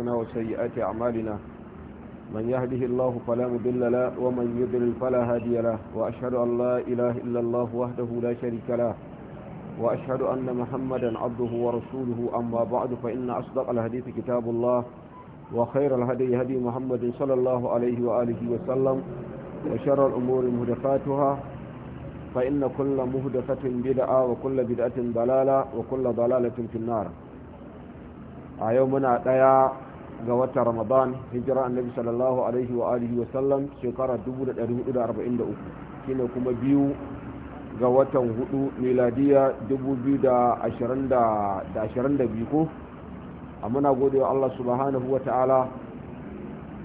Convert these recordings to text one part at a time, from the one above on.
أنفسنا وسيئات أعمالنا من يهده الله فلا مضل له ومن يضلل فلا هادي له وأشهد أن لا إله إلا الله وحده لا شريك له وأشهد أن محمدا عبده ورسوله أما بعد فإن أصدق الحديث كتاب الله وخير الهدي هدي محمد صلى الله عليه وآله وسلم وشر الأمور مهدفاتها فإن كل مهدفة بدعة وكل بدعة ضلالة وكل ضلالة في النار a yau muna ɗaya ga watan ramadan hijira annabi sallallahu alaihi wa alihi wa sallam shekara 1443 shine kuma biyu ga watan hudu miladiya 2022 ko amma na gode wa Allah subhanahu wa ta'ala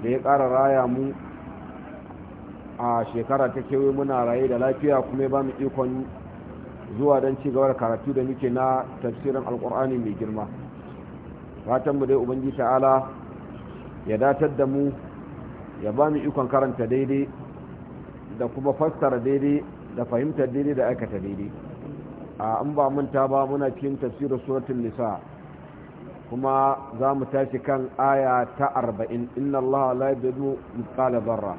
da ya ƙara raya mu a shekara ta kewaye muna raye da lafiya kuma ya ba mu ikon zuwa don ci gaba da karatu da muke na tafsirin alkur'ani mai girma fatan mu dai ubangi ta'ala ya datar da mu ya ba mu ikon karanta daidai da kuma fassara daidai da fahimtar daidai da aikata daidai a an ba manta ba muna cikin tafsirin suratul nisa kuma za mu tashi kan aya ta arba'in inna allah la yadullu mithqala dharra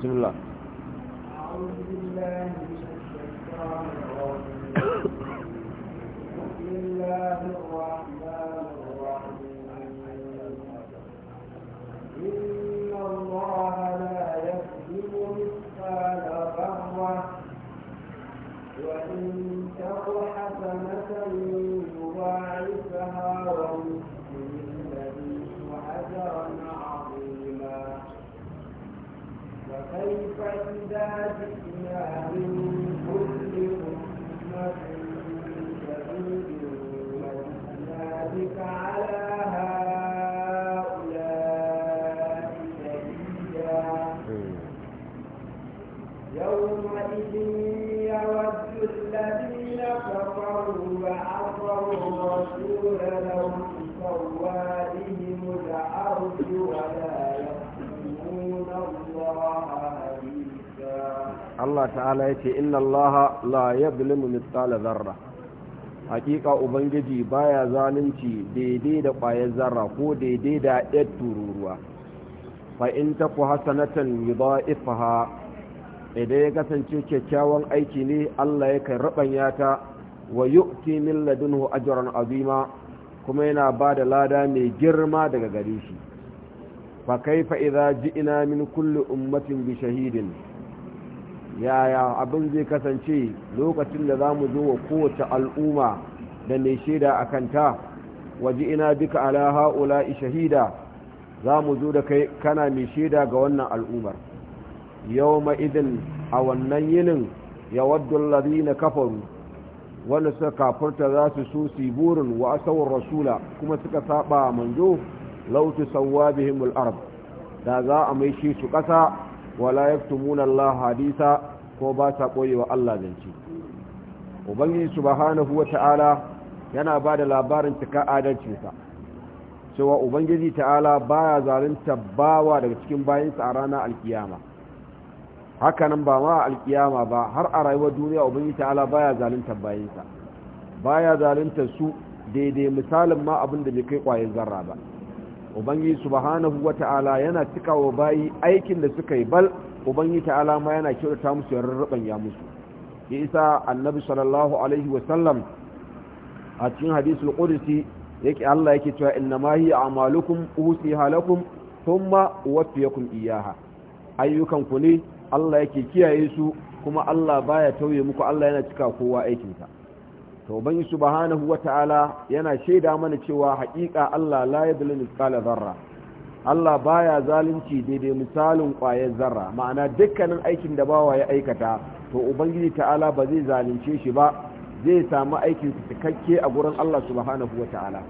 bismillah a'udhu billahi Allah ta'ala ya ce inna Allah la yadlimu mithqala zarra hakika ubangiji baya zalunci daidai da ƙwayar zarra ko daidai da ɗan tururuwa fa in taku hasanatan yudha'ifaha idan ya kasance kyakkyawan aiki ne Allah ya kai rabanya ta wa yu'ti min ladunhu ajran azima kuma yana ba da lada mai girma daga gare shi fa kaifa idza ji'na min kulli ummatin bi shahidin yaya abin zai kasance lokacin da za mu zo wa kowace al'umma da mai shaida a kanta waje ina duka ala ha'ula shahida za mu zo da kai kana mai shaida ga wannan al'ummar yau ma'idin a wannan yinin ya waddun na kafaru wanda suka kafurta za su so su burin wa asawar rasula kuma suka saba manzo lautu sauwa bihim al'arab da za a maishe su ƙasa wala yaktumuna Allah hadisa ko ba sa koyewa Allah zance ubangiji subhanahu ta'ala yana ba da labarin cika adalcinsa cewa ubangiji ta'ala baya zalunta bawa daga cikin bayansa a ranar alkiyama hakanan ba ma alkiyama ba har a rayuwar duniya ubangiji ta'ala baya zalunta bayansa baya zalunta su daidai misalin ma abin da bai kai kwayan zarra ba ubangi subhanahu wata'ala yana cika wa bayi aikin da suka yi bal ubangi ta'ala ma yana kyautata musu yarruban ya musu isa annabi sallallahu alaihi wa sallam a cikin hadisul qudsi yake Allah yake cewa ma hi a'malukum usiha lakum thumma uwaffiyakum iyyaha ayyukan ku ne Allah yake kiyaye su kuma Allah baya tauye muku Allah yana cika kowa aikinsa to ban subhanahu wata'ala yana shaida mana cewa haƙiƙa Allah la yadlu misqala zarra Allah baya zalunci daidai misalin ƙwayar zarra ma'ana dukkanin aikin da bawa ya aikata to ubangiji ta'ala ba zai zalunce shi ba zai samu aikin cikakke a gurin Allah subhanahu wata'ala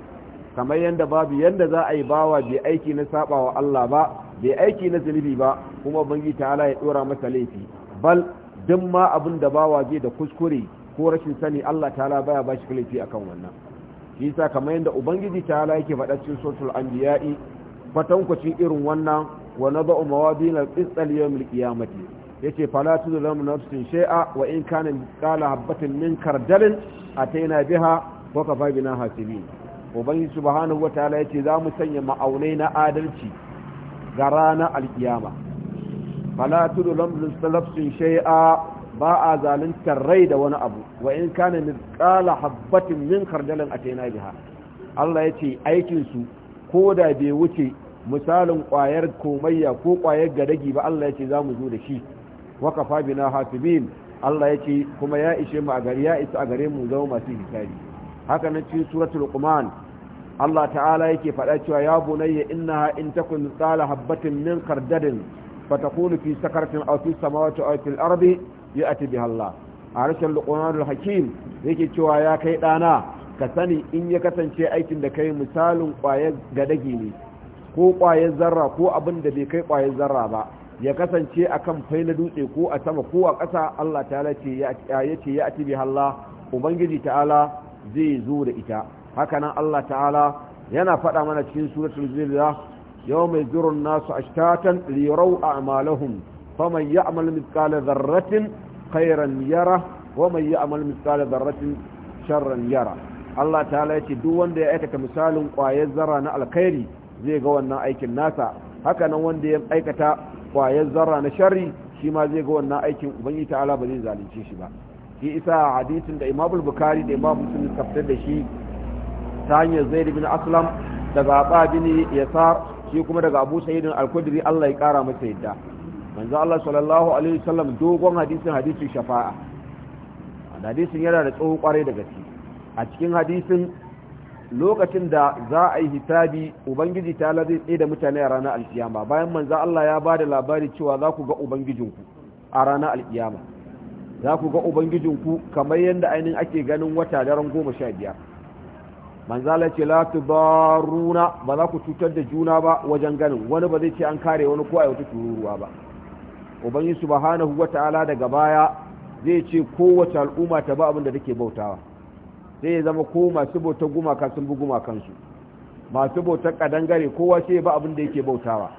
kamar yanda babu yanda za a yi bawa bai aiki na sabawa Allah ba bai aiki na zunubi ba kuma ubangiji ta'ala ya dora masa laifi bal duk ma abin da bawa zai da kuskure ko rashin sani Allah ta'ala baya ba shi kalifi kan wannan shi yasa kamar yadda ubangiji ta'ala yake faɗa cikin suratul anbiya'i fatankwaci irin wannan wa nadau mawadin al-qist al-yawm al-qiyamati yace fala tuzlamu nafsin shay'a wa in kana qala habatin min kardalin ataina biha wa kafa na hasibin ubangiji subhanahu wataala yace za mu sanya ma'aunai na adalci ga ranar alkiyama fala tuzlamu nafsin shay'a ba a zaluntar rai da wani abu wa in kana mithqala habbatin min a ataina biha Allah yace aikin su da bai wuce misalin kwayar komayya ko kwayar gadagi ba Allah yace zamu zo da shi wa kafa bina hasibin Allah yace kuma ya ishe mu a gari ya isa a gare mu zama masu hisabi haka nan cikin suratul quman Allah ta'ala yake faɗa cewa ya bunayya innaha in takun mithqala habbatin min khardalin فتكون في سكرة أو في السماوات أو في الأرض يأتي بها الله عرش اللقمان الحكيم yake cewa ya kai ɗana ka sani in ya kasance aikin da kai misalin ƙwayar dage ne ko ƙwayar zarra ko abin da bai kai ƙwayar zarra ba ya kasance a kan fai na dutse ko a sama ko a ƙasa Allah Ta'ala ce ya ce ya ati bi ubangiji ta'ala zai zo da ita hakanan Allah ta'ala yana faɗa mana cikin suratul zirra يوم يزور الناس أشتاتا ليروا أعمالهم فمن يعمل مثقال ذرة خيرا يره ومن يعمل مثقال ذرة شرا يره Allah ta'ala yace duk wanda ya aikata misalin ƙwayar zarra na alkhairi zai ga wannan aikin nasa haka wanda ya aikata ƙwayar zarra na shari shi ma zai ga wannan aikin ubangiji ta'ala ba zai zalunce shi ba shi isa hadisin da Imam Bukhari da Imam da shi ta hanyar bin Aslam da Aba bin Yasar shi kuma daga abu sa'idin al Allah ya kara masa yadda manzo Allah sallallahu alaihi wasallam dogon hadisin hadisin shafa'a hadisin yana da tsoho kwarai da gaske a cikin hadisin lokacin da za a yi hisabi ubangiji ta zai tsaye da mutane a ranar alkiyama bayan manzo Allah ya ba da labari cewa za ku ga ubangijinku a ranar alkiyama za ku ga ubangijinku kamar yadda ainihin ake ganin wata daren goma sha biyar manzala ce la ba za ku cutar da juna ba wajen ganin wani ba zai ce an kare wani ko a wata tururuwa ba ubangiji huwa ta'ala daga baya zai ce kowace al'umma ta ba abin da take bautawa sai ya zama ko masu bautar gumaka sun bi gumakansu masu bautar kadangare kowa sai ba abin da yake bautawa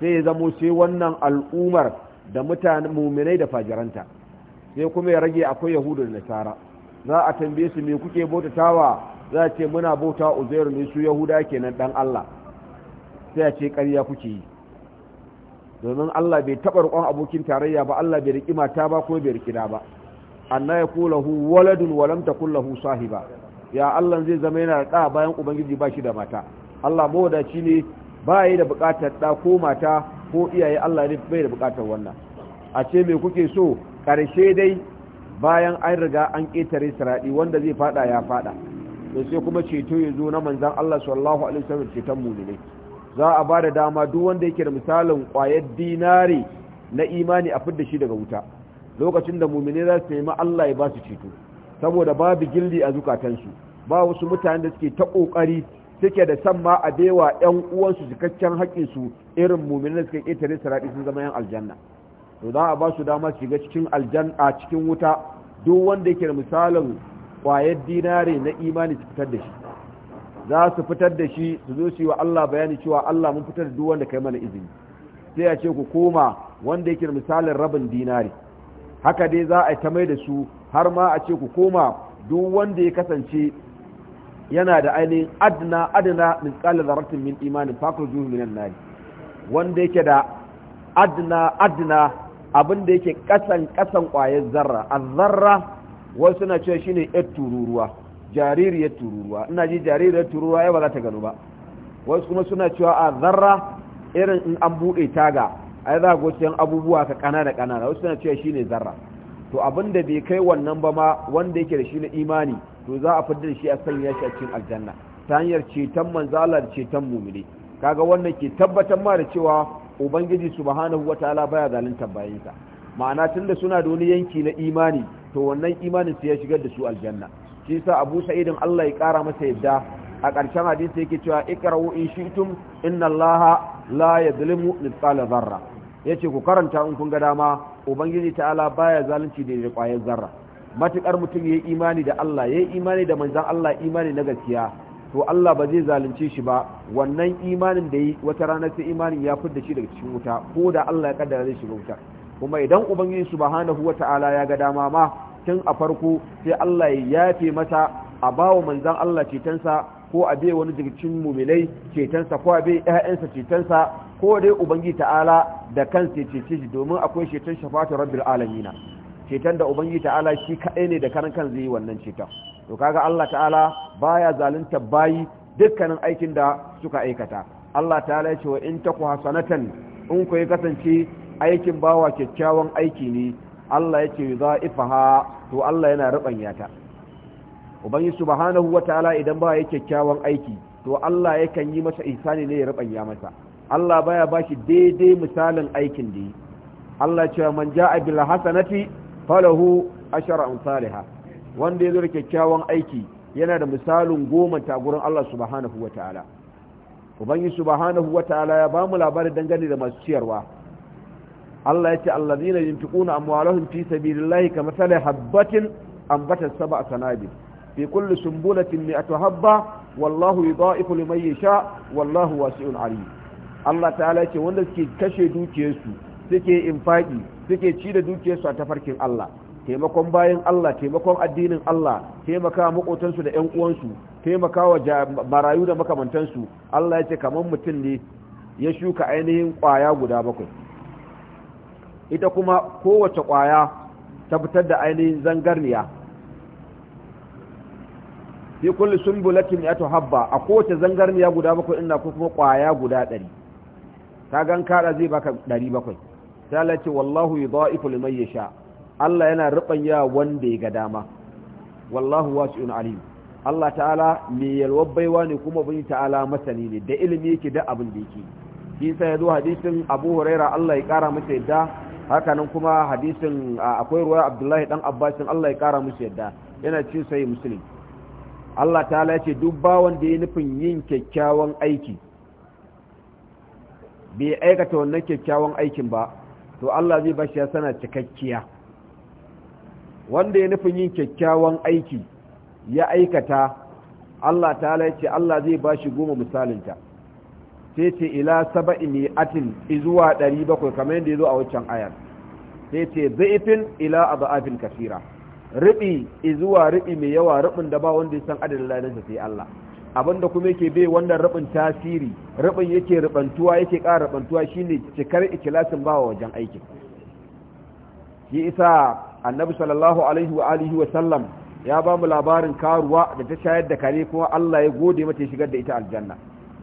sai ya zamo sai wannan al'ummar da mutane muminai da fajiranta sai kuma ya rage akwai yahudu da nasara za a tambaye su me kuke bautatawa za ce muna bauta uzairu ne su yahuda kenan dan Allah sai a ce ƙarya kuke yi domin Allah bai taɓa riƙon abokin tarayya ba Allah bai riƙi mata ba ko bai riƙi da ba anna ya hu waladun walam lahu sahiba ya Allah zai zama yana da bayan ubangiji ba shi da mata Allah mawadaci ne ba yi da buƙatar ɗa ko mata ko iyaye Allah ne bai da buƙatar wannan a ce me kuke so ƙarshe dai bayan an riga an ƙetare sarari wanda zai faɗa ya faɗa da sai kuma ceto ya zo na manzan Allah sallallahu alaihi wasallam ceton mu'minai za a ba da dama duk wanda yake da misalin ƙwayar dinari na imani a fidda shi daga wuta lokacin da mu'minai za su nemi Allah ya ba su ceto saboda babu gilli a zukatansu ba wasu mutane da suke ta kokari suke da san ma a baiwa yan uwansu cikakken haƙƙin su irin da suke ƙetare sarari sun zama yan aljanna to za a ba su dama su shiga cikin aljanna cikin wuta duk wanda yake da misalin kwayar dinare na imani su fitar da shi za su fitar da shi su zo su yi wa Allah bayani cewa Allah mun fitar da duk wanda kai mana izini sai a ce ku koma wanda yake misalin rabin dinare haka dai za a ta mai da su har ma a ce ku koma duk wanda ya kasance yana da ainihin adna adna min qala zaratin min imanin fakrujuhu minan nar wanda yake da adna adna abin da yake kasan kasan kwayar zarra a zarra wasu suna cewa shine yar tururuwa jaririyar tururuwa ina ji jaririyar tururuwa ya ba za ta gano ba wasu kuma suna cewa a zarra irin in an buɗe taga a za ga yan abubuwa ka kanana kanana wasu suna cewa shine zarra to abinda bai kai wannan ba ma wanda yake da shi na imani to za a fidda shi a sanya shi a cikin aljanna ta hanyar ceton manzala da ceton mumini kaga wannan ke tabbatar ma da cewa ubangiji subhanahu wataala baya zalunta bayinsa ma'ana tunda suna da wani yanki na imani to wannan imanin sai ya shigar da su aljanna shi yasa Abu Sa'idin Allah ya kara masa yadda a ƙarshen hadisi yake cewa iqra'u in shi'tum inna Allah la yadhlimu mithqala dharra yace ku karanta in kun ga dama ubangiji ta'ala baya zalunci da kwayan zarra matukar mutum yayi imani da Allah yayi imani da manzon Allah imani na gaskiya to Allah ba zai zalunce shi ba wannan imanin da yi wata rana sai imanin ya fudda shi daga cikin wuta ko da Allah ya kaddara zai shiga wutar kuma idan ubangiji subhanahu wata'ala ya ga dama ma tun a farko sai Allah ya yafe masa a bawo manzon Allah cetansa ko a bai wani jirgin mumilai cetansa ko a bai ƴaƴansa cetansa ko dai ubangiji ta'ala da kansa cece shi domin akwai cetan shafatu rabbil alamina ceton da ubangiji ta'ala shi kaɗai ne da karan kan zai yi wannan ceton to kaga Allah ta'ala baya zalunta bayi dukkanin aikin da suka aikata Allah ta'ala ya ce wa in taku hasanatan in ku yi kasance aikin bawa kyakkyawan aiki ne Allah yake za'ifaha to Allah yana rubanya ta ubangi subhanahu wataala idan ba yake kyakkyawan aiki to Allah yakan yi masa ihsani ne ya rubanya masa Allah baya bashi daidai misalin aikin da Allah ya ce man ja'a bil hasanati falahu ashara amsalha wanda yazo da kyakkyawan aiki yana da misalin goma ta gurin Allah subhanahu wataala ubangi subhanahu wataala ya bamu labarin dangane da masu ciyarwa Allah ya ce allazina yunfiquna amwalahum fi sabilillahi kamathali habatin ambatat sab'a sanabil fi kulli sumbulatin mi'atu habba wallahu yudha'ifu liman yasha wallahu wasi'un alim Allah ta'ala ce wanda suke kashe dukiyarsu suke infaki suke ci da dukiyarsu a tafarkin Allah taimakon bayan Allah taimakon addinin Allah taimaka makotansu da ƴan uwansu taimaka wa barayu da makamantansu Allah ya ce kamar mutum ne ya shuka ainihin ƙwaya guda bakwai ita kuma kowace kwaya ta fitar da ainihin zangarniya fi kulli sumbulatin ya habba a kowace zangarniya guda bakwai ina ko kuma ƙwaya guda ɗari ta gan kada zai baka ɗari bakwai ta ce wallahu yi za'ifu mai ya sha Allah yana yawa wanda ya ga dama wallahu in alim Allah ta'ala mai yalwar baiwa ne kuma bin ta'ala masani ne da ilimi yake da abin da yake shi sai ya zo hadisin Abu Huraira Allah ya kara mata yadda hakanan kuma hadisin akwai ruwa abdullahi dan abbasin allah ya kara musu yadda yana cin sai musulun allah ta ala ce duk bawan da ya nufin yin kyakkyawan aiki bai aikata wannan kyakkyawan aikin ba to allah zai bashi ya sana cikakkiya wanda ya nufin yin kyakkyawan aiki ya aikata allah ta ya ce allah zai bashi goma misalinta sai ce ila saba'i zuwa izuwa bakwai kamar yadda yazo a waccan ayar sai ce zaifin ila a ba'afin kasira riɓi izuwa riɓi mai yawa riɓin da ba wanda ya san adadin sa sai Allah abinda kuma yake bai wannan riɓin tasiri riɓin yake riɓantuwa yake ƙara ribantuwa shine cikar ikilasin bawa wajen aikin shi isa annabi sallallahu alaihi wa alihi wa sallam ya ba mu labarin karuwa da ta shayar da kare kuma Allah ya gode mata ya shigar da ita aljanna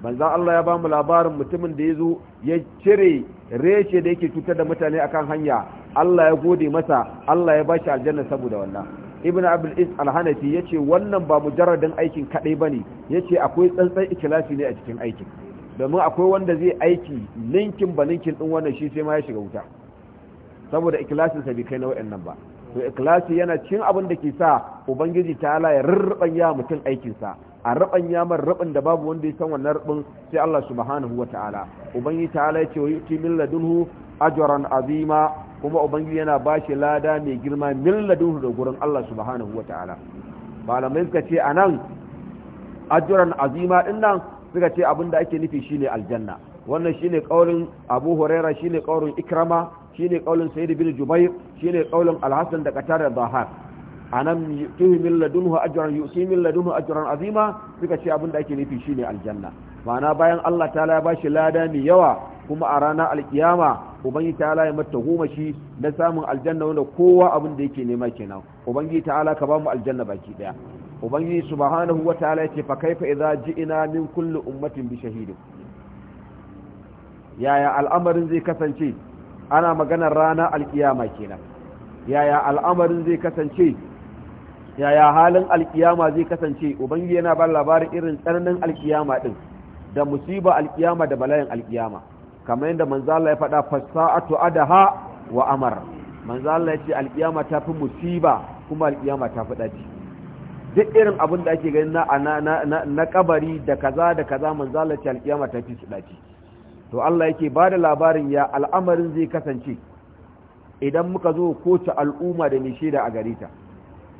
manzan Allah ya ba mu labarin mutumin da ya zo ya cire reshe da yake cutar da mutane akan hanya Allah ya gode masa Allah ya ba shi aljanna saboda wannan ibn abul is al-hanafi yace wannan ba mujarradin aikin kadai bane yace akwai tsantsan ikhlasi ne a cikin aikin domin akwai wanda zai aiki ninkin ba ninkin din wannan shi sai ma ya shiga wuta saboda ikhlasin sa bai kai na wayannan ba to ikhlasi yana cin abin da ke sa ubangiji ta'ala ya rurruban yawa mutum aikin sa a raban yamar rabin da babu wanda ya san wannan rabin sai Allah subhanahu wataala ubangi ta'ala ya ce wa yuti min ladunhu ajran azima kuma ubangi yana bashi lada mai girma min ladunhu da gurin Allah subhanahu wataala malamai suka ce anan ajran azima din nan suka ce abinda ake nufi shine aljanna wannan shine kaulin Abu Huraira shine kaulin Ikrama shine kaulin Sayyid bin Jubair shine kaulin Al-Hasan da Qatada Zahar anan yu'tihi min ladunhu ajran yu'ti min ladunhu ajran azima suka ce abin da ake nufi shine aljanna ma'ana bayan Allah ta'ala ya bashi lada mai yawa kuma a ranar alkiyama ubangi ta'ala ya mata goma shi na samun aljanna wanda kowa abin da yake nema kenan ubangi ta'ala ka ba mu aljanna baki daya ubangi subhanahu wa ta'ala ya ce fa kaifa idza ji'ina min kulli ummatin bi shahidin yaya al'amarin zai kasance ana maganar ranar alkiyama kenan yaya al'amarin zai kasance yaya halin alkiyama zai kasance ubangi yana ba labarin irin tsananin alkiyama din da musiba alkiyama da bala'in alkiyama kamar yadda manzo Allah ya faɗa fasa'atu adaha wa amar manzo Allah ya ce alkiyama ta fi musiba kuma alkiyama ta fi ɗaci duk irin abin da ake gani na na kabari da kaza da kaza manzo Allah ya ce alkiyama ta fi su ɗaci to Allah yake ba da labarin ya al'amarin zai kasance idan muka zo kota al'umma da mai shaida a gare ta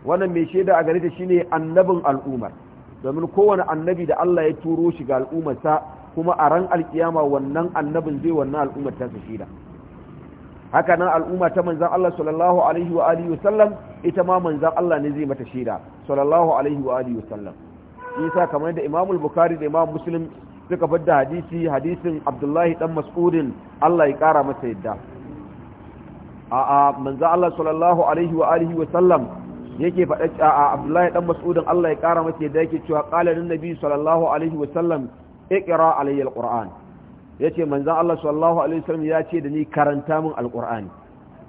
wannan mai shaida a gare ta shine annabin al'ummar domin kowane annabi da Allah ya turo shi ga al'ummarsa kuma a ran alkiyama wannan annabin zai wannan al'ummar ta shaida haka nan al'umma ta manzan Allah sallallahu alaihi wa alihi wa sallam ita ma manzan Allah ne zai mata shaida sallallahu alaihi wa alihi wa sallam isa kamar da Imam al-Bukhari da Imam Muslim suka fadda hadisi hadisin Abdullahi dan Mas'udin Allah ya kara masa yadda a'a manzan Allah sallallahu alaihi wa alihi wa sallam yake faɗa a abdullahi dan mas'udin Allah ya kara mace da yake cewa qala nabi sallallahu alaihi wa sallam iqra alayya alquran yace manzo Allah sallallahu alaihi wa sallam ya ce da ni karanta min alqurani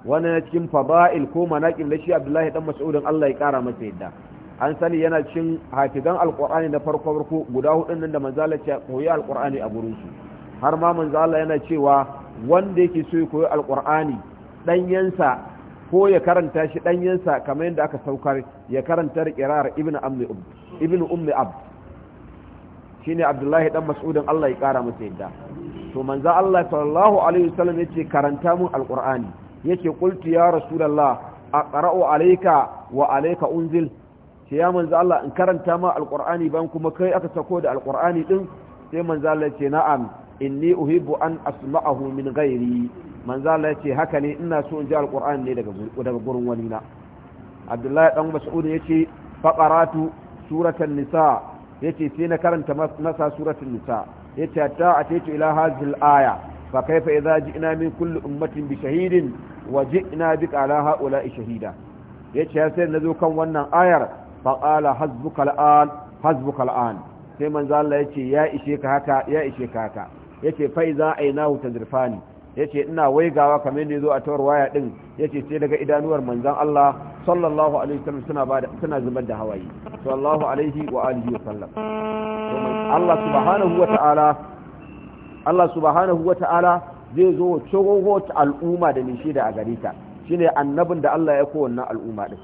wannan cikin fada'il ko manaqib da shi abdullahi dan mas'udin Allah ya kara mace yadda an sani yana cin hafizan alqurani na farko farko guda hudun nan da manzo Allah ya koyi alqurani a gurin su har ma manzo Allah yana cewa wanda yake so ya koyi alqurani danyensa ko ya karanta shi ɗanyensa kamar yadda aka saukar ya karanta da ƙirar ibn umm, ummi abd shi ne abdullahi ɗan mas'udin allah ya ƙara masa yadda to manza allah sallallahu alaihi wasallam ya ce karanta mun alƙur'ani ya ce ƙultu ya rasulallah a ƙara'u alaika wa alaika unzil ce ya manza allah in karanta ma alƙur'ani ban kuma kai aka sako da alƙur'ani ɗin sai manza allah ce na'am inni uhibbu an asma'ahu min ghairi manzo Allah yace haka ne ina so in ji alqur'ani ne daga daga gurin wani na Abdullahi dan Mas'ud yace faqaratu suratan nisa yace sai na karanta masa suratul nisa yace hatta ataitu ila hadhihi al-aya fa kaifa idza ji'na min kulli ummatin bi shahidin wa ji'na bika ala ha'ula'i shahida yace sai nazo kan wannan ayar fa qala an sai manzo Allah yace ya ishe ka haka ya ishe ka haka yace fai za a yi nahu ta zirfani yace ina waigawa kamar ne zo a tawar waya din yace sai daga idanuwar manzon Allah sallallahu alaihi wasallam suna bada suna zubar da hawaye sallallahu alaihi wa alihi wasallam Allah subhanahu wa ta'ala Allah subhanahu wa ta'ala zai zo cogogo ta al'umma da nishi da a gare ta shine annabin da Allah ya ko wannan al'umma din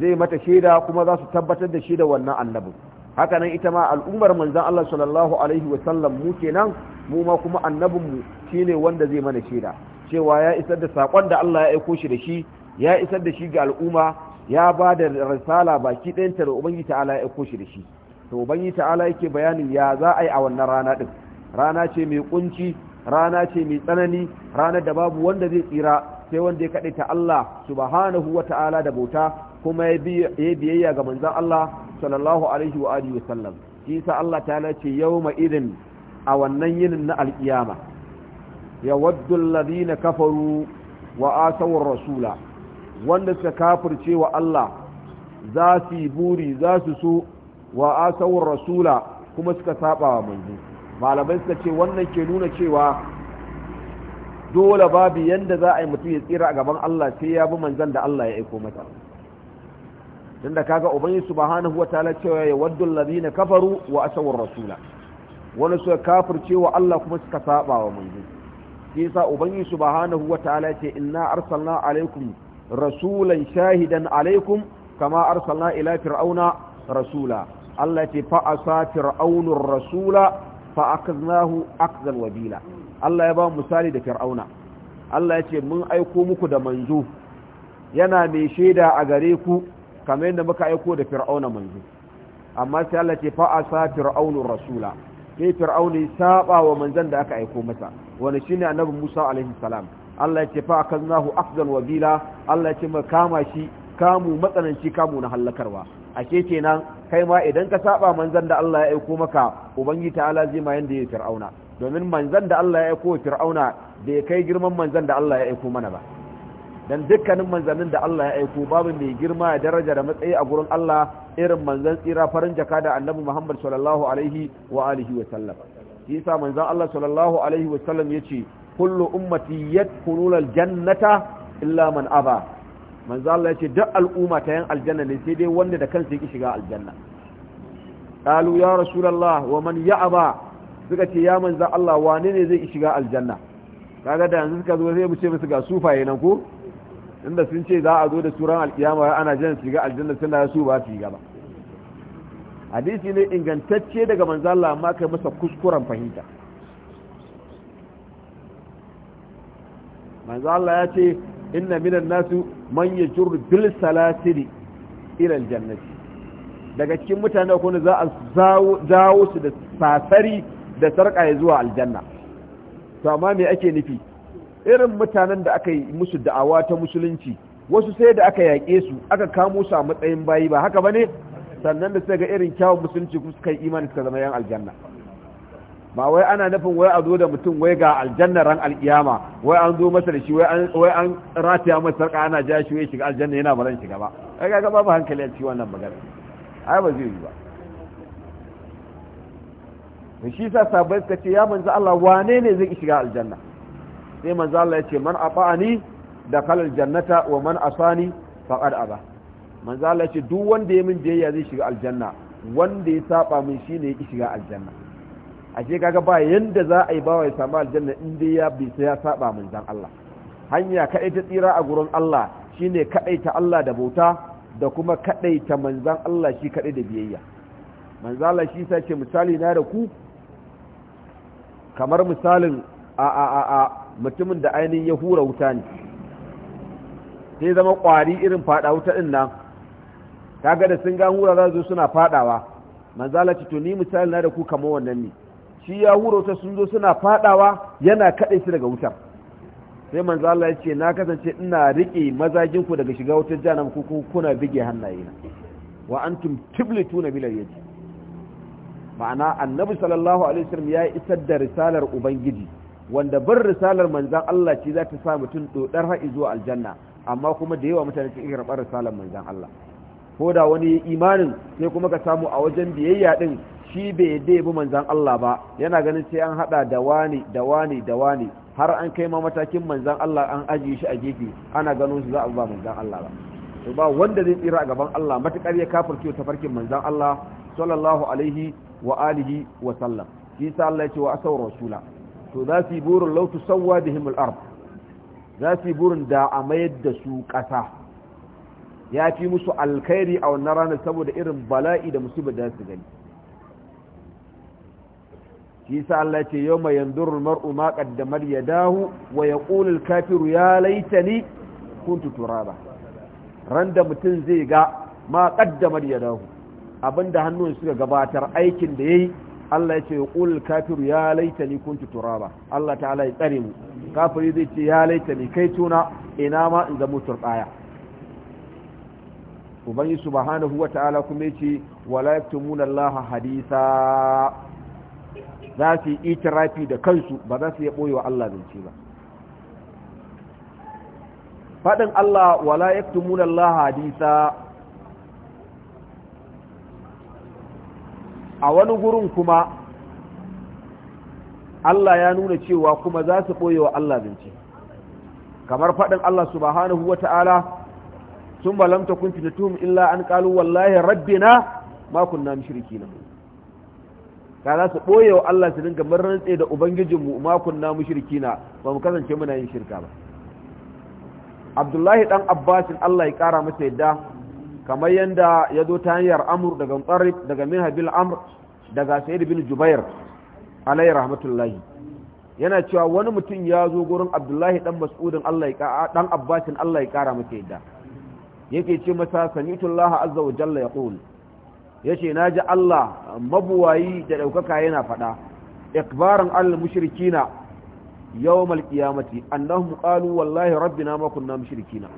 zai mata shaida kuma za su tabbatar da shi da wannan annabin haka nan ita ma al'ummar manzon Allah sallallahu alaihi wasallam mu kenan mu ma kuma annabin mu ne wanda zai mana shaida cewa ya isar da sakon da Allah ya aiko shi da shi ya isar da shi ga al'umma ya ba da risala baki ɗayanta da ubangi ta'ala ya aiko shi da shi to ubangi ta'ala yake bayanin ya za a yi a wannan rana din rana ce mai kunci rana ce mai tsanani ranar da babu wanda zai tsira sai wanda ya ta Allah subhanahu wa ta'ala da bauta kuma ya biyayya ga manzan Allah sallallahu alaihi wa alihi wasallam shi sa Allah ta ce yawma idin a wannan yinin na alkiyama yawaddu alladhina kafaru wa asawar rasula wanda suka kafirce wa Allah za su yi buri za su so wa asawar rasula kuma suka saba wa manzo malamai suka ce wannan ke nuna cewa dole babu yanda za a yi mutum ya tsira a gaban Allah sai ya bi manzon da Allah ya aiko mata da kaga ubangi subhanahu wataala cewa ya waddu alladhina kafaru wa asawar rasula wani suka kafirce Allah kuma suka saba wa manzo shi yasa ubangi subhanahu wataala ce inna arsalna alaikum rasulan shahidan alaikum kama arsalna ila fir'auna rasula Allah ce fa asa fir'aunur rasula fa akaznahu akzal wabila Allah ya ba misali da fir'auna Allah ya ce mun aiko muku da manzo yana mai shaida a gare ku kamar yadda muka aiko da fir'auna manzo amma sai Allah ce fa'a sa fir'aunu rasula sai fir'auni saba wa manzon da aka aiko masa wani shine annabi Musa alaihi salam Allah ya ce fa akaznahu afdan wabila Allah ya ce mu kama shi kamu matsananci kamu na hallakarwa ake kenan kai ma idan ka saba manzan da Allah ya aiko maka ubangi ta'ala zai ma yanda ya fir'auna domin manzon da Allah ya aiko fir'auna bai kai girman manzon da Allah ya aiko mana ba dan dukkanin manzannin da Allah ya aiko babu mai girma ya daraja da matsayi a gurin Allah irin manzan tsira farin jaka da annabi Muhammad sallallahu alaihi wa alihi wa sallam shi yasa manzan Allah sallallahu alaihi wa sallam yace kullu ummati yadkhulul aljannata illa man aba manzan Allah yace duk al'umma ta yan aljanna ne sai dai wanda da kansa yake shiga aljanna qalu ya rasulullah wa man ya'ba suka ce ya manzan Allah wane ne zai shiga aljanna kaga da yanzu suka zo sai mu ce musu ga sufaye nan ko inda sun ce za a zo da turan alkiyama ana jan shiga aljanna suna su ba su yi gaba hadisi ne ingantacce daga manzo Allah amma kai masa kuskuren fahimta manzo Allah ya ce inna minan nasu man yajur bil salasili ila aljannati daga cikin mutane ko ne za a zawo su da sasari da sarka ya zuwa aljanna to amma me ake nufi irin mutanen da aka yi musu da'awa ta musulunci wasu sai da aka yaƙe su aka kamo su a matsayin bayi ba haka ba ne sannan da sai ga irin kyawun musulunci kuma suka yi imani suka zama yan aljanna ba wai ana nufin wai a zo da mutum wai ga aljanna ran alkiyama wai an zo masa da shi wai an rataya masa sarka ana ja shi wai shiga aljanna yana ba zan shiga ba ai kaga babu hankali a cikin wannan magana ai ba zai yi ba shi sa sabai suka ce ya manzo Allah wane ne zai shiga aljanna sai manzo Allah ya man afani da kalal jannata wa man asani faqad aba manzo Allah ya duk wanda ya min biyayya zai shiga aljanna wanda ya saba min shine yake shiga aljanna ashe kaga ba yanda za a yi bawa ya samu aljanna in dai ya bi sai ya saba manzon Allah hanya kadai ta tsira a gurin Allah shine kadai ta Allah da bauta da kuma kadai ta manzon Allah shi kadai da biyayya manzo Allah shi sace misali na da ku kamar misalin a a a mutumin da ainihin ya hura wuta ne sai zama kwari irin fada wuta ɗin nan kaga da sun gan hura za su suna fadawa manzala ce to ni misali na da ku kamar wannan ne shi ya hura wuta sun zo suna fadawa yana kaɗe su daga wuta sai manzala ya ce na kasance ina rike mazajin daga shiga wutar jana ku kuna bige hannaye na wa antum tiblituna bil yaji ma'ana annabi sallallahu alaihi wasallam ya isar da risalar ubangiji wanda bar risalar manzan Allah ce za ta sa mutum dodar haɗi zuwa aljanna amma kuma da yawa mutane cikin karɓar risalar manzan Allah ko da wani imanin sai kuma ka samu a wajen biyayya din shi bai yadda ya bi manzan Allah ba yana ganin sai an haɗa da wani da wani da wani har an kai ma matakin manzan Allah an ajiye shi a gefe ana ganin su za a ba manzan Allah ba to ba wanda zai tsira a gaban Allah matakar ya kafirce ta farkin manzan Allah sallallahu alaihi wa alihi wa sallam shi sa Allah ya ce wa asawar rasula to za su yi burin lautu sauwa da himul arba za su yi burin da a mayar da su ƙasa ya fi musu alkhairi a wannan ranar saboda irin bala'i da musibar da su gani shi sa Allah ce yau mai yanzurul mar'u ma qaddamar dahu wa ƙulil kafiru ya laita laitani kuntu ba ran da mutum zai ga ma ya yadahu abinda hannun suka gabatar aikin da ya yi. Allah ya ce qul kafiru ya laitani kuntu turaba Allah ta'ala ya tsare mu kafiri zai ce ya laitani kai tuna ina ma in zama turbaya ubangi subhanahu wa ta'ala kuma ya ce wala yaktumuna Allah haditha za su yi itirafi da kansu ba za su yi boye wa Allah zance ba faɗin Allah wala yaktumuna Allah haditha a wani gurin kuma Allah ya nuna cewa kuma za su ɓoye wa Allah zance kamar faɗin Allah subhanahu wa ta'ala sun balamta kun fitatum illa an ƙalu wallahi rabbina makon na mishirki ka za su ɓoye wa Allah su dinga rantse da Ubangijinmu makon na mishirki na ba mu kasance muna yin shirka ba Abdullahi ɗan Abbasin Allah ya ƙara masa yadda kamar yadda ya zo ta hanyar amur daga tsarif daga amur daga sa'id bin jubair alayhi rahmatullahi yana cewa wani mutum ya zo gurin abdullahi dan mas'udin allah ya dan abbasin allah ya kara masa yadda yake ce masa sanitullah azza wa jalla yaqul yace naji allah mabuwayi da daukaka yana fada ikbaran al mushrikina yawm al qiyamati annahum qalu wallahi rabbina ma kunna mushrikina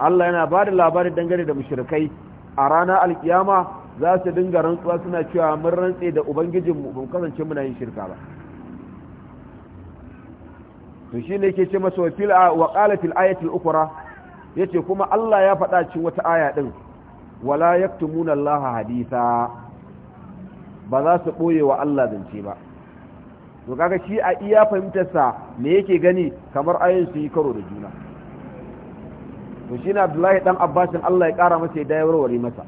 Allah yana ba da labarin dangane da mushrikai a ranar alkiyama za su dinga rantsuwa suna cewa mun rantse da ubangijinmu ban kasance muna yin shirka ba to shi ne ke ce masa wafil a fil ayatul ukura yace kuma Allah ya faɗa cikin wata aya ɗin wala yaktumuna Allah haditha ba za su ɓoye wa Allah zance ba to kaga shi a iya fahimtarsa me yake gani kamar ayin su yi karo da juna to shi na abdullahi dan abbasin allah ya kara masa ya warware masa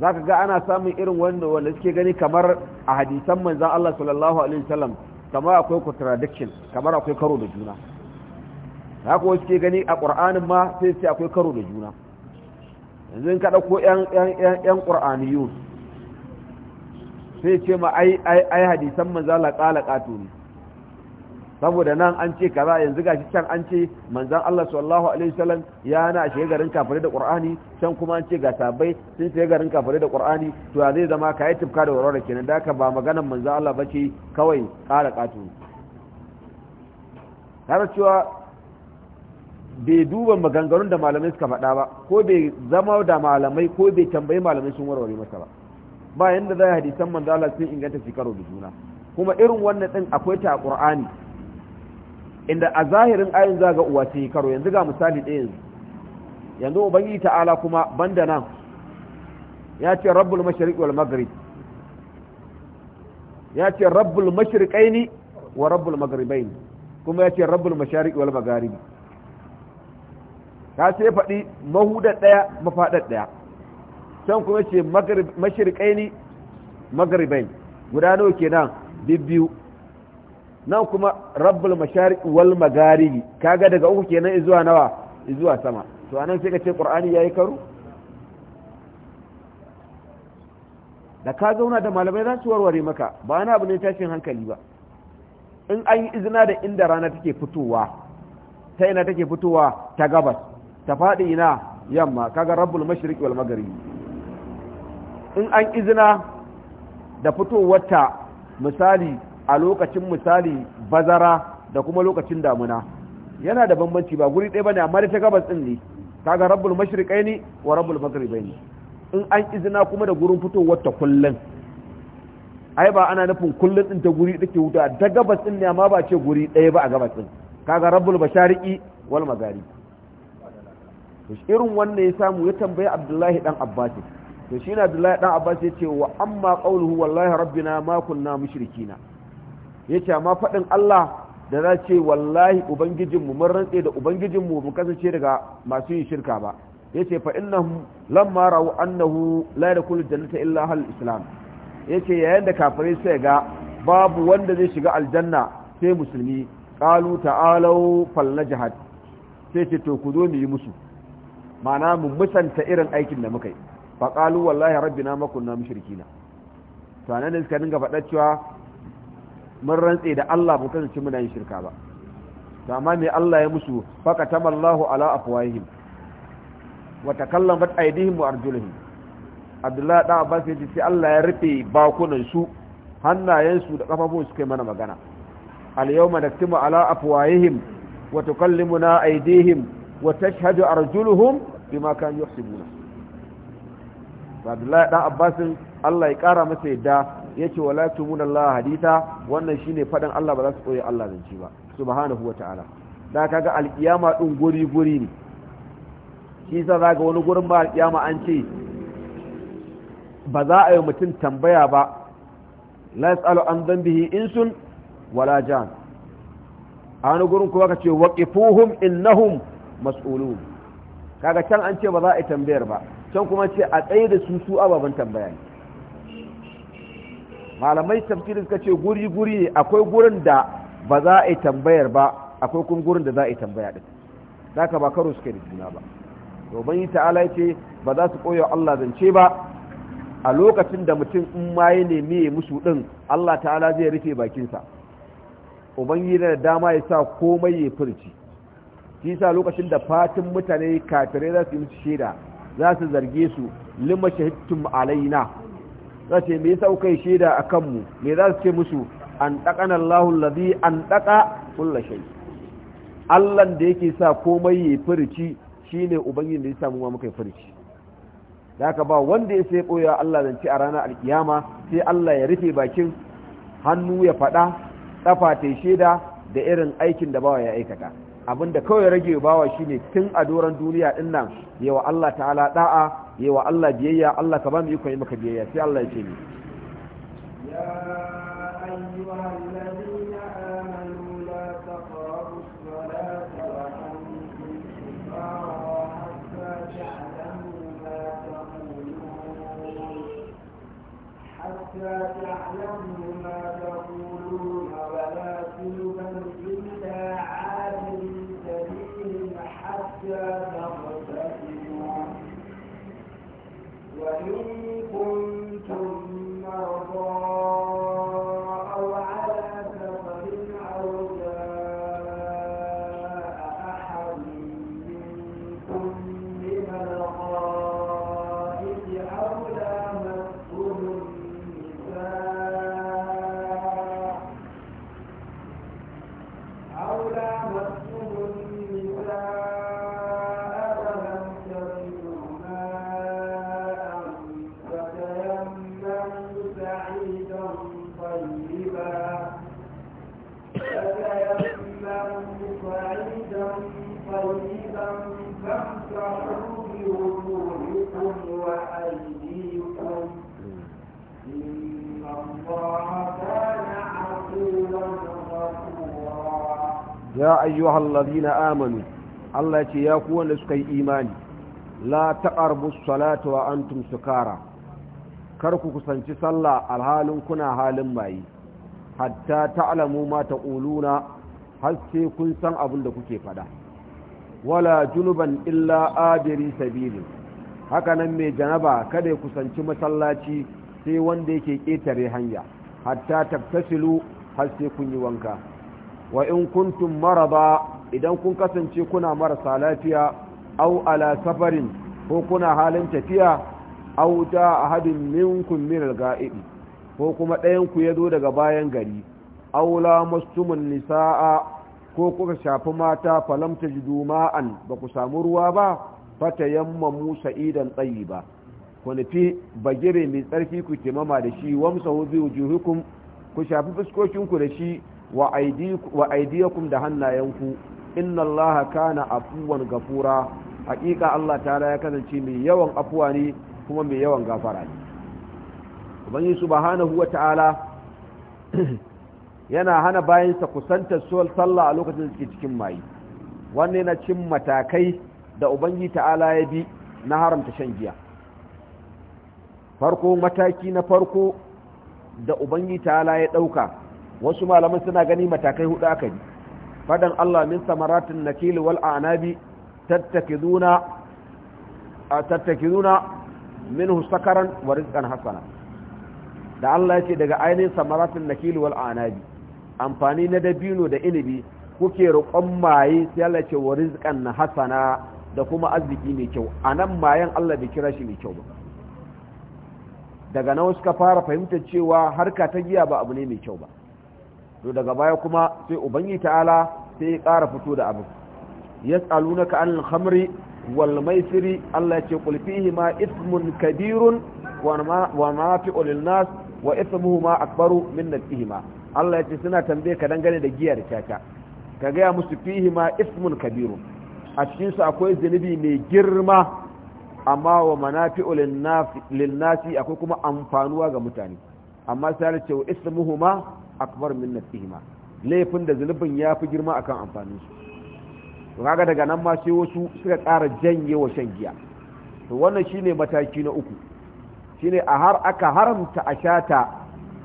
za ka ga ana samun irin wanda wanda suke gani kamar a hadisan manzan allah sallallahu alaihi wasallam kamar akwai contradiction kamar akwai karo da juna ka wasu ke gani a ƙur'anin ma sai sai akwai karo da juna yanzu in ka ɗauko 'yan ƙur'aniyu sai ce ma ai hadisan manzan laƙa-laƙa to ne saboda nan an ce kaza yanzu gashi can an ce manzan Allah sallallahu alaihi wasallam ya na shiga garin kafare da Qur'ani can kuma an ce ga sabai sun shiga garin kafare da Qur'ani to ya zai zama kai tufka da warware kenan da ba maganan manzan Allah bace kawai kara katu har cewa bai duba maganganun da malamai suka faɗa ba ko bai zama da malamai ko bai tambayi malamai sun warware masa ba ba yanda zai a hadisan manzan Allah sun inganta shi karo da juna kuma irin wannan din akwai ta a Qur'ani inda a zahirin ayin zaga uwa ce yi karo yanzu ga misali ɗaya yanzu yanzu ubangiji ta'ala kuma banda nan ya ce rabbul mashriq wal maghrib ya ce rabbul mashriqaini wa rabbul maghribaini kuma ya ce rabbul mashariq wal magharibi ka ce faɗi mahuda ɗaya mafaɗar ɗaya can kuma ce mashriqaini maghribaini guda nawa kenan bibbiyu nan kuma rabbul mashari wal magharibi kaga daga uku kenan zuwa nawa zuwa sama to anan sai ka ce qur'ani yayi karu da ka zauna da malamai za su warware maka ba wani abu ne tashin hankali ba in an yi izina da inda rana take fitowa ta ina take fitowa ta gabas ta faɗi ina yamma kaga rabbul mashriq wal magharibi in an izina da ta misali a lokacin misali bazara da kuma lokacin damuna yana da bambanci ba guri ɗaya bane amma da ta gabas din ne kaga rabbul ne wa rabbul ne in an izina kuma da gurin fitowar ta kullun ai ba ana nufin kullun din ta guri take wuta ta gabas din ne amma ba ce guri ɗaya ba a gabas din kaga rabbul mashariqi wal magharibi to irin wannan ya samu ya tambaya Abdullahi dan Abbas to shi ne Abdullahi dan Abbas ya ce wa amma qawluhu wallahi rabbina ma kunna mushrikina yace amma faɗin Allah da za ce wallahi ubangijinmu mun rantse da ubangijinmu mu kasance daga masu yin shirka ba yace fa innahum lamma rawu annahu la yadkhulu jannata illa hal islam yace yayin da kafirai sai ga babu wanda zai shiga aljanna sai musulmi qalu ta'alu jihad sai ce to ku zo mu yi musu ma'ana mu musanta irin aikin da muka yi fa qalu wallahi rabbina ma kunna mushrikina to anan suka dinga faɗa cewa mun rantse da Allah mu kasance muna yin shirka ba to amma me Allah ya musu fakatama Allahu ala afwahihim wa takallamat aydihim wa arjuluhum Abdullah da Abbas yace sai Allah ya rufe bakunan su hannayen su da kafafun su kai mana magana al yawma naktimu ala afwahihim wa tukallimuna aydihim wa tashhadu arjuluhum bima kanu yuhsibuna Abdullah da Abbas Allah ya kara masa yadda yace wala tumuna Allah haditha wannan shine fadan Allah ba za su koyi Allah zance ba subhanahu wataala da kaga alkiyama din guri guri ne shi yasa zaka wani gurin ba alkiyama an ce ba za a yi mutum tambaya ba la yasalu an dhanbihi insun wala jan a wani gurin kuma ka ce waqifuhum innahum mas'ulun kaga can an ce ba za a yi tambayar ba can kuma ce a tsaye da su su ababen tambaya ne malamai tafsiri suka ce guri guri ne akwai gurin da ba za a yi tambayar ba akwai kun gurin da za a yi tambaya din zaka ba karo suke da juna ba to ban ta'ala ya ce ba za su koya Allah zance ba a lokacin da mutum in ma ya nemi ya musu din Allah ta'ala zai rufe bakinsa ubangiji da dama ya sa komai ya furci shi sa lokacin da fatin mutane kafirai za su yi musu shaida za su zarge su lima shahidtum alaina zace me yasa kuka sheda shaida a kanmu me za su ce musu an ɗaƙana Allah ladhi an ɗaƙa kulla shay Allah da yake sa komai ya furci shine ne Ubangiji da ya samu ma muka furci da haka ba wanda ya sai koya Allah ci a ranar alkiyama sai Allah ya rufe bakin hannu ya faɗa tsafa ta shaida da irin aikin da bawa ya aikata abinda kawai rage bawa shine tun a doron duniya dinnan yawa Allah ta'ala ɗa'a yi wa Allah biyayya Allah ka ba mu yi yi maka biyayya sai Allah ya ce ni ya ayyuhal Allah ya ce ya ku wanda suka yi imani la taqrabu an wa antum sukara kar ku kusanci sallah alhalin kuna halin mai hatta ta'lamu ma taquluna har sai kun san abin da kuke faɗa wala junuban illa abiri sabili haka nan mai janaba kada ya kusanci masallaci sai wanda yake ƙetare hanya hatta taftasilu har sai kun yi wanka wa in kuntum maraba idan kun kasance kuna marasa lafiya au ala safarin ko kuna halin tafiya au ta ahadin minkum min al ko kuma ɗayan ku yazo daga bayan gari au la mustumun nisaa ko kuka shafi mata falam tajidu ma'an ba ku samu ruwa ba fatayammamu sa'idan tayyiba ku nufi bagire mai tsarki ku taimama da shi wamsa hudu wujuhukum ku shafi fuskokinku da shi wa aidiyakum da hannayenku inna allaha kana afuwan gafura hakika Allah ta'ala ya kasance mai yawan afuwa ne kuma mai yawan gafara ne ubangi subhanahu wa ta'ala yana hana bayansa kusantar suwal sallah a lokacin da suke cikin mayi wanne na cin matakai da ubangi ta'ala ya bi na haramta shan giya farko mataki na farko da ubangi ta'ala ya ɗauka wasu malaman suna gani matakai hudu aka bi fadan Allah min samaratin nakili wal anabi tattakiduna tattakiduna minhu sakaran wa rizqan hasana da Allah yace daga ainihin samaratin nakili wal anabi amfani na dabino da inibi kuke roƙon maye sai Allah ce wa rizqan hasana da kuma arziki mai kyau anan mayan Allah bai kira shi mai kyau ba daga nan suka fara fahimtar cewa harka ta giya ba abu ne mai kyau ba to daga baya kuma sai ubangi ta'ala sai ya ƙara fito da abin yas'alunaka anil khamri wal maisiri Allah ce qul fihi ma ismun kabirun wa manafi'u lin nas wa ma akbaru min nafsihima Allah ya suna tambaye ka dangane da giyar caca ka gaya musu fihi ma ismun kabirun a cikin su akwai zunubi mai girma amma wa manafi'u lin nasi akwai kuma amfanuwa ga mutane amma sai ce wa ismuhuma akbar min nafihima laifin da zunubin ya fi girma akan amfanin su kaga daga nan ma sai wasu suka ƙara janye wa shan giya to wannan shine mataki na uku shine a har aka haramta a shata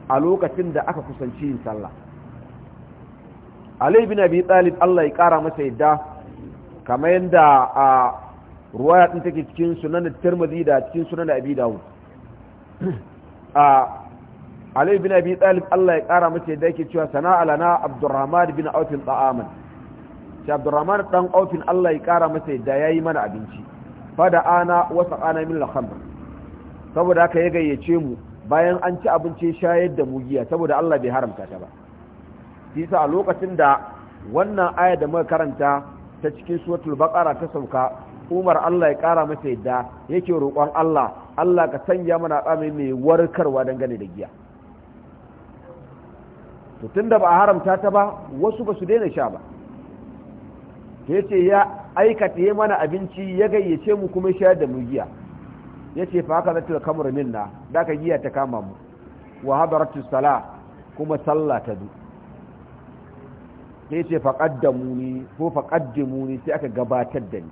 a lokacin da aka kusanci yin sallah Ali ibn Abi Talib Allah ya kara masa yadda kamar yadda a ruwaya din take cikin sunan Tirmidhi da cikin sunan Abi Dawud a Ali bin Abi Allah ya kara masa yadda yake cewa sana'a lana Abdurrahman bin Auf ta'aman shi Abdurrahman dan Auf Allah ya kara masa yadda yi mana abinci fada ana wasa ana saboda haka ya gayyace mu bayan an ci abinci shayar da mu giya saboda Allah bai haramta ta ba shi a lokacin da wannan aya da muka karanta ta cikin suratul baqara ta sauka umar Allah ya kara masa yadda yake roƙon Allah Allah ka sanya mana tsamai mai warkarwa dangane da giya to tunda ba a haramta ta ba wasu ba su daina sha ba ya ce ya aikata ya mana abinci ya gayyace mu kuma sha da mu giya ya ce fa haka zata kamar minna da ka giya ta kama mu wa hadaratu sala kuma sallah ta du ya ce fa qaddamuni ko fa qaddimuni sai aka gabatar da ni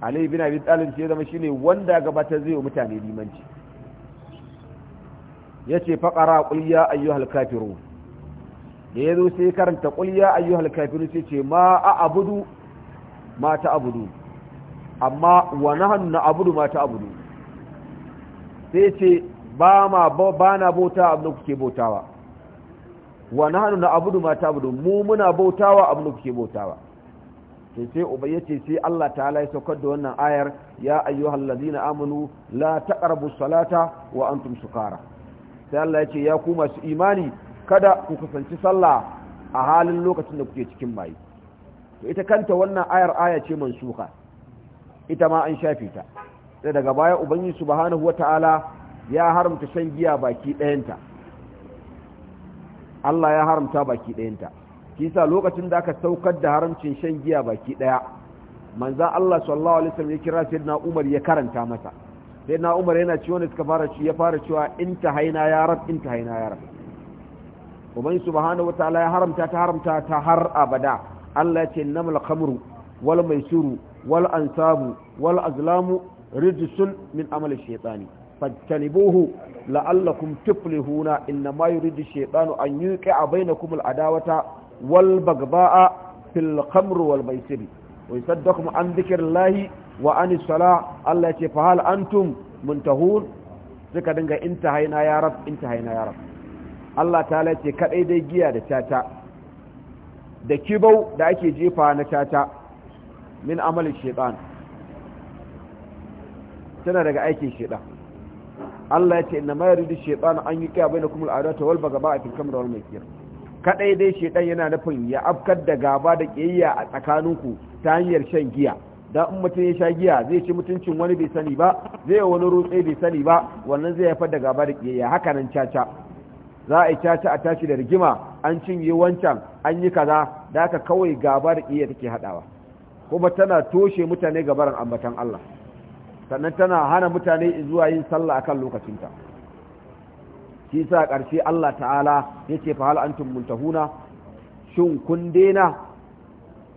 Ali ibn Abi Talib sai zama shine wanda gabatar zai yi mutane limanci yace fa qara qul ya ayyuhal kafirun da ya zo sai karanta qul ya ayyuhal kafirun sai ce ma a abudu ma ta abudu amma wa nahnu na abudu ma ta abudu sai ce ba ma ba na bauta abin kuke bautawa wa nahnu na abudu ma ta abudu mu muna bautawa abin kuke bautawa sai sai uba yace sai Allah ta'ala ya saukar da wannan ayar ya ayyuhal ladina amanu la taqrabu salata wa antum sukara sai Allah ya ce ya ku masu imani kada ku kusanci sallah a halin lokacin da kuke cikin bayi to ita kanta wannan ayar aya ce mansuha ita ma an shafe ta sai daga baya ubangi subhanahu wata'ala ya haramta shan giya baki ɗayanta Allah ya haramta baki ɗayanta kisa lokacin da aka saukar da haramcin shan giya baki ɗaya manzan Allah sallallahu alaihi wasallam ya kira sayyidina Umar ya karanta masa sayyidina Umar yana cewa ne suka fara ci ya fara cewa inta haina ya rab inta haina ya rab ubangi subhanahu wataala ya haramta ta haramta ta har abada Allah ya ce namal khamru wal maisuru wal ansabu wal azlamu rijsun min amali shaytani fajtanibuhu la'allakum tuflihuna innama yuridu shaiɗanu an yuqi'a bainakum al adawata wal bagba'a fil khamri wal maisiri wa yusaddakum an dhikrillahi wa an as-salah Allah ya ce fa hal antum muntahun suka dinga intahaina yara, rab intahaina ya rab Allah ta lace kaɗai dai giya da cata da kibau da ake jefa na cata min amalin shaiɗan tana daga aikin shaiɗan Allah ya ce inna ma yuridu shaiɗan an yi na kuma al'adu ta walba gaba a tilkamar wal maisir kaɗai dai shaiɗan yana nufin ya afkar da gaba da ƙiyayya a tsakaninku ta hanyar shan giya da in mutum ya sha giya zai ci mutuncin wani bai sani ba zai yi wani rutse bai sani ba wannan zai haifar da gaba da ƙiyayya haka nan caca za a yi caca a tashi da rigima an cinye wancan an yi kaza da aka kawai gabar iya take haɗawa kuma tana toshe mutane gabaran ambatan Allah sannan tana hana mutane zuwa yin sallah akan lokacinta shi sa ƙarshe Allah ta'ala ce fa hal antum muntahuna shin kun dena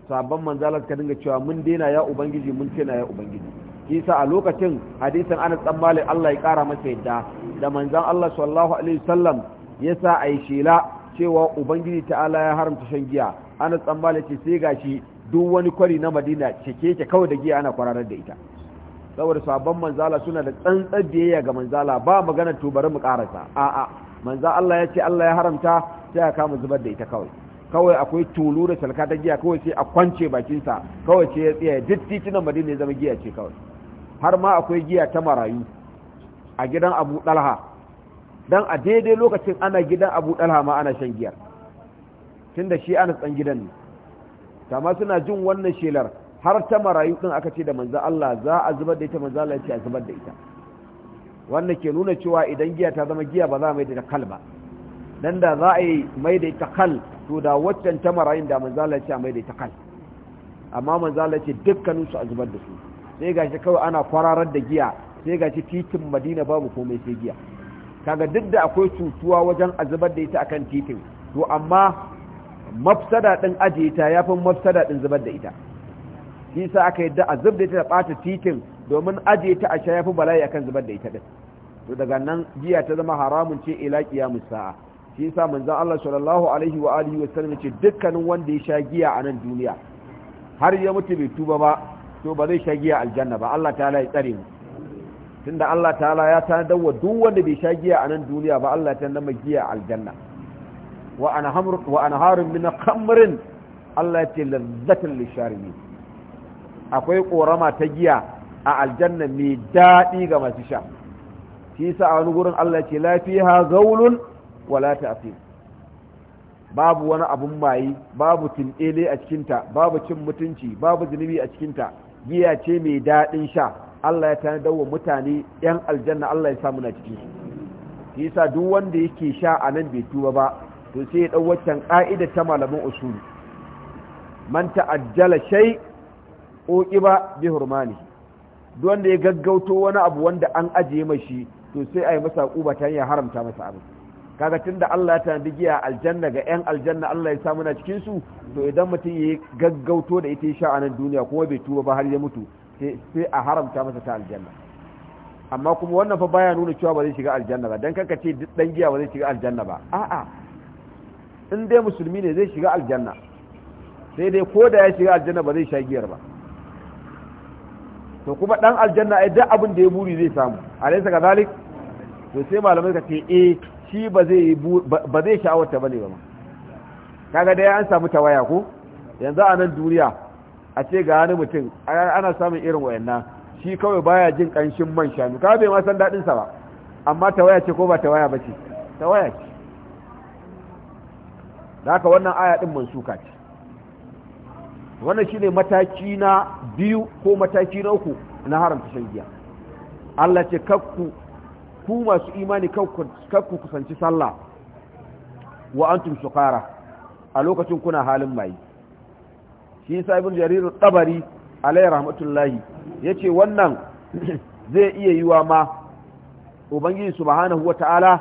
sabon manzalar ka dinga cewa mun dena ya ubangiji mun tena ya ubangiji isa a lokacin hadisin anas dan malik Allah ya kara masa yadda da manzon Allah sallallahu alaihi wasallam ya sa a yi shela cewa ubangiji ta'ala ya haramta shan giya ana tsammala ce sai gashi duk wani kwari na madina cike ke kawai da giya ana kwararar da ita saboda sabon manzala suna da tsantsar biyayya ga manzala ba magana to bari mu karasa a'a manza Allah ya ce Allah ya haramta sai aka mu zubar da ita kawai kawai akwai tulu da talka ta giya kawai sai a kwance bakin sa kawai ce ya tsaya duk titunan madina ya zama giya ce kawai har ma akwai giya ta marayu a gidan abu dalha dan a daidai lokacin ana gidan abu ɗalha ma ana shan giyar tun da shi ana tsan gidan ne tama suna jin wannan shelar har ta marayu ɗin aka ce da manza Allah za a zubar da ita manza Allah ce a zubar da ita wannan ke nuna cewa idan giya ta zama giya ba za a mai da kal ba dan da za a yi mai da ita kal to da waccan ta marayun da manza Allah ce a mai da ita kal amma manza Allah ce dukkanin su a zubar da su sai gashi kawai ana kwararar da giya sai gashi titin Madina babu komai sai giya kaga duk da akwai cutuwa wajen azubar da ita akan titin to amma mafsada din aje ta fi mafsada din zubar da ita shi sa aka yadda a zub da ita da bata titin domin aje ta a sha yafi bala'i akan zubar da ita din to daga nan giya ta zama haramun ce ila qiyamus sa'a shi sa manzon Allah sallallahu alaihi wa alihi wa sallam ce dukkanin wanda ya sha giya a nan duniya har ya mutu bai tuba ba to ba zai sha giya aljanna ba Allah ta'ala ya tsare mu tunda Allah ta'ala ya ta dawa duk wanda bai sha giya a nan duniya ba Allah ta nama giya aljanna wa anharun min kamarin, Allah ce lazzatan lisharimi akwai korama ta giya a aljanna mai daɗi ga masu sha shi sa a wani gurin Allah ce lafiya gaulun wala ta'fir babu wani abun maye, babu tinɗele a cikinta babu cin mutunci babu zunubi a cikinta giya ce mai daɗin sha Allah ya tanadar wa mutane yan aljanna Allah ya samu na cikin su yasa duk wanda yake sha a nan bai tuba ba to sai ya dau waccan ta malamin usul man ta'ajjala ƙoƙi ba bi hurmani duk wanda ya gaggauto wani abu wanda an ajiye mashi to sai a yi masa kuba ta hanyar haramta masa abu. kaga da Allah ya tanadi giya aljanna ga yan aljanna Allah ya samu na cikin to idan mutum ya gaggauto da ita sha a nan duniya kuma bai tuba ba har ya mutu sai a haramta masa ta aljanna amma kuma wannan fa baya nuna cewa ba zai shiga aljanna ba dan kanka ce duk dan giya ba zai shiga aljanna ba a'a in dai musulmi ne zai shiga aljanna sai dai ko da ya shiga aljanna ba zai sha giyar ba to kuma dan aljanna ai duk abin da ya buri zai samu alaysa kadhalik to sai malamai ka ce eh shi ba zai ba zai sha wata bane ba kaga dai an samu tawaya ko yanzu a nan duniya a ce ga wani mutum ana samun irin wayanna. shi kawai baya jin kanshin man shanu ka bai ma san dadin sa ba amma tawaya ce ko ba tawaya waya tawaya ce da haka wannan aya din suka ce wannan shine mataki na biyu ko mataki na uku na haramta shan giya Allah ce kakku ku masu imani kakku kusanci sallah wa antum sukara a lokacin kuna halin mai shi isa bin jarir tabari alai rahmatullahi yace wannan zai iya yiwa ma ubangiji subhanahu wata'ala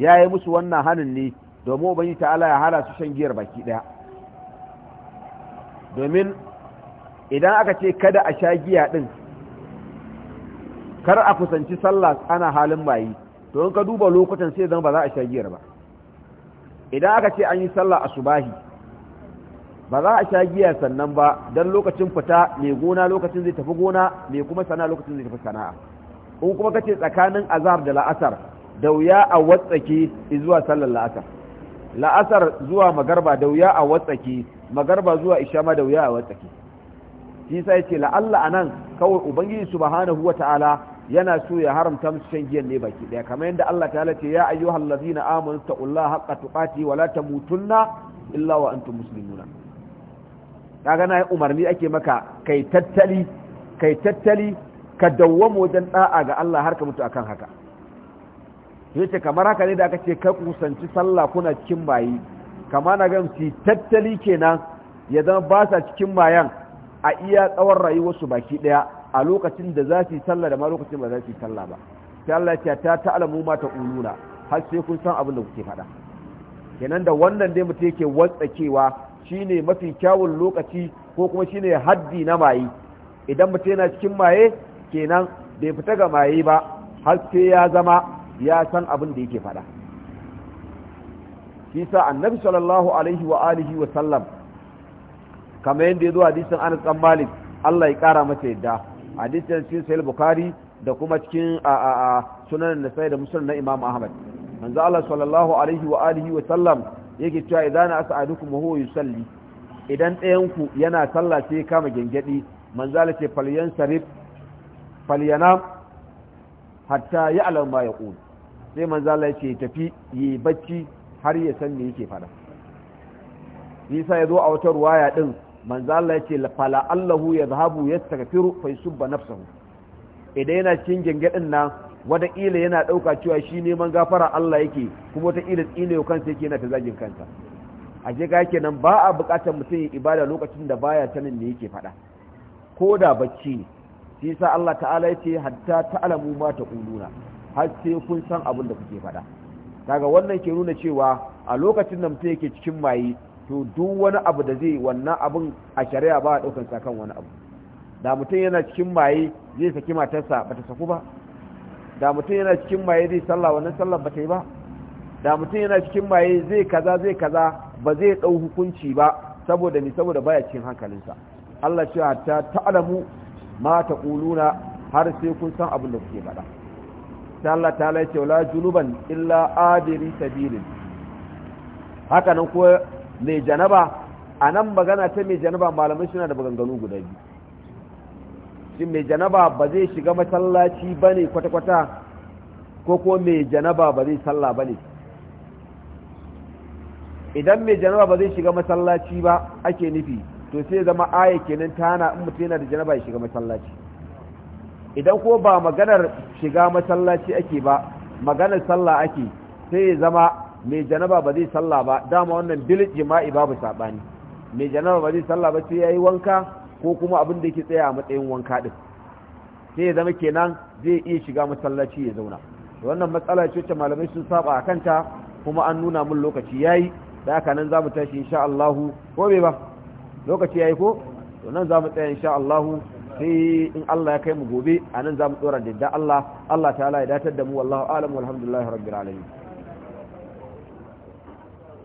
ya yi musu wannan hanin ne domin ubangiji ta'ala ya hana su shan giyar baki daya domin idan aka ce kada a sha giya din kar a kusanci sallah ana halin mayi to in ka duba lokutan sai zan ba za a sha giyar ba idan aka ce an yi sallah a subahi. ba za a sha giya sannan ba don lokacin fita mai gona lokacin zai tafi gona mai kuma sana'a lokacin zai tafi sana'a in kuma kace tsakanin azhar da la'asar da wuya a watsake zuwa sallar la'asar la'asar zuwa magarba da wuya a watsake magarba zuwa Ishama da wuya a watsake shi sai yace la'alla anan kawai ubangiji subhanahu wata'ala yana so ya haramta musu shan giyan ne baki daya kamar yadda Allah ta'ala ce ya ayyuhallazina amanu taqullaha haqqa tuqati wa la tamutunna illa wa antum muslimuna kaga na umarni ake maka kai tattali kai tattali ka dawwamo wajen da'a ga Allah har ka mutu akan haka yace kamar haka ne da aka ce ka kusanci sallah kuna cikin maye kamar na ga mutu tattali kenan ya zama ba sa cikin mayan a iya tsawon rayuwar su baki daya a lokacin da za su sallah da ma lokacin ba za su yi sallah ba sai Allah ya ta ta'lamu ma ulula har sai kun san abin da kuke faɗa kenan da wannan dai mutum yake wantsakewa shine mafi kyawun lokaci ko kuma shine haddi na maye idan mutum yana cikin maye kenan bai fita ga maye ba har sai ya zama ya san abin da yake faɗa shi sa annabi sallallahu alaihi wa alihi wa sallam kamar yadda ya zo hadisin anas dan malik Allah ya kara masa yadda hadisin cikin sahih bukhari da kuma cikin a a sunan nasai da muslim na imam ahmad manzo Allah sallallahu alaihi wa alihi wa sallam yake cewa idan as'adukum wa huwa yusalli idan ɗayan ku yana sallah sai kama gengedi manzala ce falyan sarif falyana hatta ya ya'lam ma yaqul sai manzala ce tafi yi bacci har ya san me yake fada nisa ya zo a wata ruwaya din manzala ya ce fala allahu ya zahabu ya tagafiru fa yusubba nafsahu idan yana cikin gengedin nan wataƙila yana ɗauka cewa shi neman gafara Allah yake kuma wataƙila tsine yau kansa yake yana ta zagin kansa a je ga kenan ba a buƙatar mutum yin ibada lokacin da baya sanin me yake faɗa ko da bacci ne shi yasa Allah ta'ala yace hatta ta'lamu ma taquluna har sai kun san abin da kuke faɗa kaga wannan ke nuna cewa a lokacin da mutum yake cikin maye to duk wani abu da zai wannan abin a shari'a ba a ɗaukar sakan wani abu da mutum yana cikin maye zai saki matarsa ta saku ba da mutum yana cikin maye zai sallah wannan sallah ba ta ba da mutum yana cikin maye zai kaza zai kaza ba zai ɗau hukunci ba saboda ni saboda baya cikin hankalinsa Allah ce ta ta'lamu ma taquluna har sai kun san abin da kuke faɗa sai Allah ta ya ce la juluban illa adiri sabilin haka nan ko mai janaba anan magana ta mai janaba malamai suna da maganganu guda biyu shin mai janaba ba zai shiga masallaci ba ne kwata-kwata ko ko mai janaba ba zai sallah ba ne idan mai janaba ba zai shiga masallaci ba ake nufi to sai zama aya kenan ta hana in mutum yana da janaba ya shiga masallaci idan ko ba maganar shiga masallaci ake ba maganar sallah ake sai ya zama mai janaba ba zai sallah ba dama wannan bil jima'i babu sabani mai janaba ba zai sallah ba sai yayi wanka ko kuma abin da yake tsaya a matsayin wanka din sai ya zama kenan zai iya shiga masallaci ya zauna wannan matsala ce ta malamai sun saba a kanta kuma an nuna mun lokaci yayi da haka nan zamu tashi insha Allah ko bai ba lokaci yayi ko to nan zamu tsaya insha Allah sai in Allah ya kai mu gobe anan zamu tsora da Allah Allah ta'ala ya datar da mu wallahu a'lam walhamdulillahi rabbil alamin